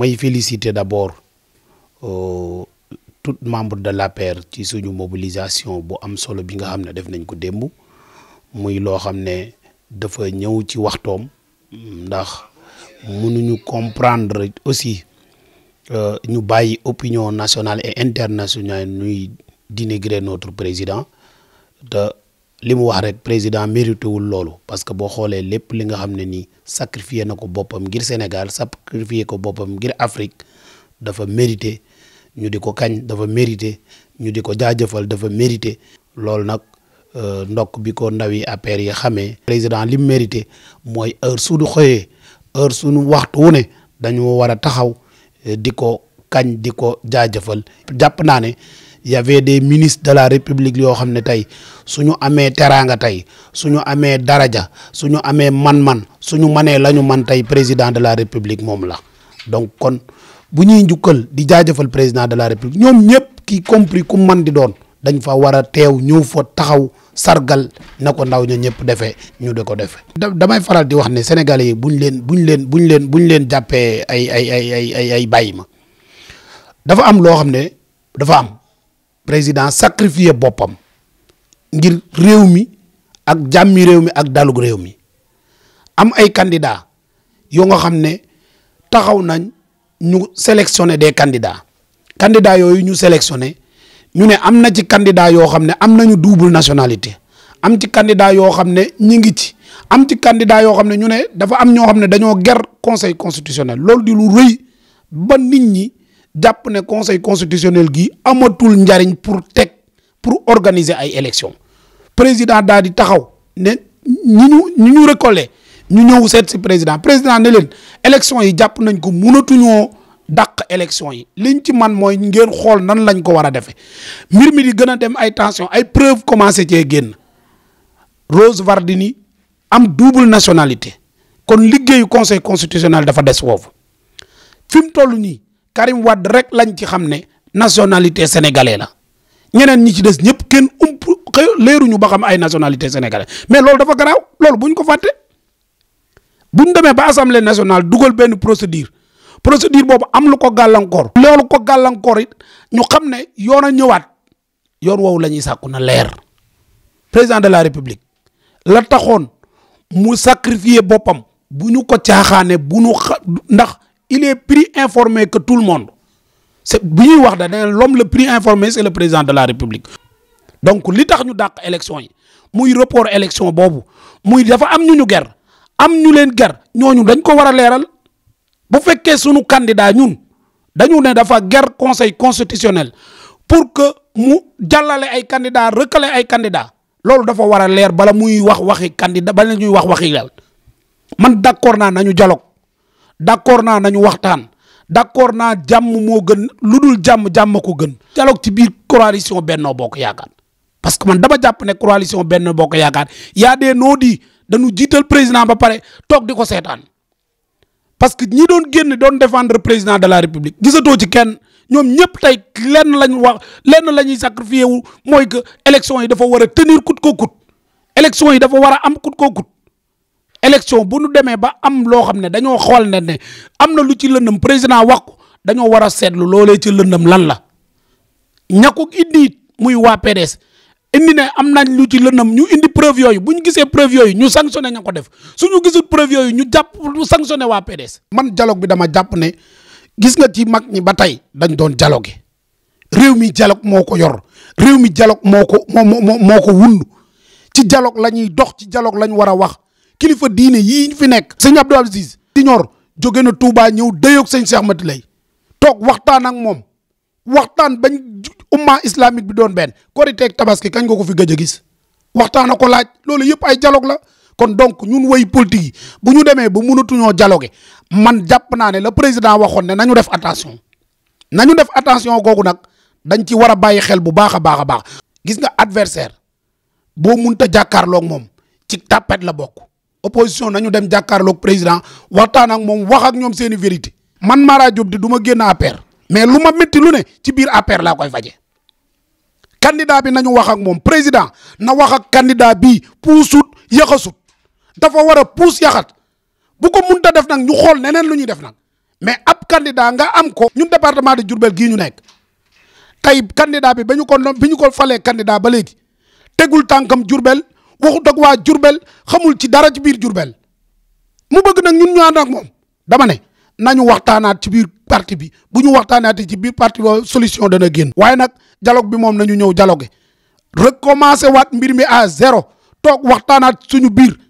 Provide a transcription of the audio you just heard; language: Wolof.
may féliciter d'abord euh, tout membre de l'APR ci suñu mobilisation bu am solo bi nga xamné def nañ ko dembu muy lo xamné dafa ñëw ci waxtom ndax mënuñu comprendre aussi euh, ñu bayyi opinion nationale et internationale ñuy dénigrer notre président li mu wax rek président mérité wul loolu parce que boo xoolee lépp li nga xam ne nii sacrifié na ko boppam ngir Sénégal sacrifié ko boppam ngir Afrique dafa mérité ñu di ko kañ dafa mérité ñu di ko jaajëfal dafa mérité loolu nag euh, ndokk bi ko ndawi APR yi xame président li mu mérité mooy heure suñu xëyee heure suñu waxtu wu ne dañoo war a taxaw di ko kañ di ko jaajëfal jàpp naa ne. y avait des ministres de la république yoo xam ne tey su ñu amee teraanga tey su ñu amee daraja ñu amee man-man suñu manee la ñu man tey président de la république moom la donc kon bu ñuy njukkal di jaajëfal président de la république ñoom ñëpp ki compris ku man di doon dañ fa war a teew ñëw fa taxaw sargal na ko ndaw ña ñëpp defee ñu de ko defee. damay faral di wax ne sénégalais yi buñ leen buñ leen buñ leen buñ leen jàppee ay ay ay ay ay ma dafa am loo xam ne dafa am. président sacrifier boppam ngir réew mi ak jàmmi réew mi ak dalug réew mi am ay candidats yoo nga xam ne taxaw nañ ñu sélectionner des candidats candidats yooyu ñu sélectionner ñu ne am na ci candidats yoo xam ne am nañu double nationalité am ci candidats yoo xam ne ñi ngi ci am ci candidats yoo xam ne ñu ne dafa am ñoo xam ne dañoo ger conseil constitutionnel loolu di lu rëy ba nit ñi jàpp ne conseil constitutionnel gi amatul njariñ pour tek pour organiser ay élections président da di taxaw ne ñi ñu ñi ñu récolté ñu ñëw président président ne len élections yi jàpp nañ ko mënatuñoo dak élections yi liñ ci man moy ngeen xol nan lañ ko wara a defee mbir mi di dem ay tension ay preuve commencé ci génn Rose Wardini am double nationalité kon liggéeyu conseil constitutionnel dafa dess foofu fim mu nii. Karim Wade rek lañ ci xam ne nationalité sénégalais la ñeneen ñi ci des ñëpp kenn ump xëy leeruñu ba xam ay nationalité sénégalais mais loolu dafa garaaw loolu buñ ko fàtte buñ demee ba assemblée national dugal benn procédure procédure boobu am lu ko gàllankoor. loolu ko gàllankoor it ñu xam ne yoon a ñëwaat yoon woowu la ñuy sàkku na leer président de la république la taxoon mu sacrifier boppam bu ñu ko caaxaane bu ñu il est plus informé que tout le monde c'est l'homme le plus informé c'est le président de la république donc li tax ñu élection muy report élection Bobu, muy dafa am ñu ñu guerre, am ñu guerre, nous une dañ ko bu candidat ñun dañu dafa guerre conseil constitutionnel pour que nous fait ay candidat recalé ay candidat Lors dafa la a nous bala muy wax candidat bala ñuy d'accord d'accord na nañu waxtaan d'accord na jàmm mo gën lu dul jàmm ko gën dialogue ci biir coalition benno bokk yaakaar parce que man dama japp ne coalition benno bokk yaakaar ya dee di dañu jiital président ba pare tok diko sétane parce que ñi doon génn doon défendre président de la république gisato ci kenn ñom ñëpp tay lenn lañ wax lenn lañuy sacrifier wu moy que élection yi dafa wara tenir coûte coûte élection yi dafa wara am coûte que coûte élection bu nu demee ba am loo xam ne dañoo xool ne ne am na lu ci lëndëm président wax dañoo war a seetlu loolee ci lëndëm lan la ñàkku indi muy waa PDS indi ne am na lu ci lëndëm ñu indi preuve yooyu bu ñu gisee preuve yooyu ñu sanctionné ña ko def suñu gisul preuve yooyu ñu jàpp sanctionné waa PDS. man dialogue bi dama jàpp ne gis nga ci mag ñi ba tey dañ doon dialogue réew mi dialogue moo ko yor réew mi dialogue moo ko moo moo moo ci dialogue la ñuy dox ci dialogue la ñu war a wax. kilifa diine yi ñu fi nek seigne abdou aziz ñor joge na touba ñew dëyoog seigne cheikh mati lay tok waxtaan ak mom waxtaan bañ umma islamique bi doon benn koriteeg tabaski kañ goko fi gëj gis waxtaan ko laaj loolu yëpp ay dialogue la kon donc ñun way politique bu ñu bu ba mënatuñoo dialogue man japp na né le président waxon né nañu def attention nañu def attention gogou nak dañ ci wara bayyi xel bu baaxa baaxa baax gis nga adversaire boo munta ak mom ci tapet la bokku opposition nañu dem jàkkaarloog président waxtan ak mom wax ak ñom seen vérité man Mara job di duma genn aper mais luma metti lu ne ci bir aper la koy faje candidat bi nañu wax ak mom président na wax ak candidat bi pousut yaxasut dafa wara pous yaxat bu ko munta def nak ñu xol neneen lu ñuy def nak mais ab candidat nga am ko ñun département de djourbel gi ñu nek tay candidat bi bañu ko biñu ko falé candidat ba légui tegul tankam djourbel waxut ak waa Jurbel xamul ci dara ci biir Jurbel mu bëgg nag ñun ñu ànd ak moom dama ne na ñu waxtaanaat ci biir parti bi bu ñu waxtaanaatee ci biir parti bi solution dana génn. waaye nag dialogue bi moom nañu ñëw dialogue recommencé waat mbir mi à zéro toog waxtaanaat suñu biir.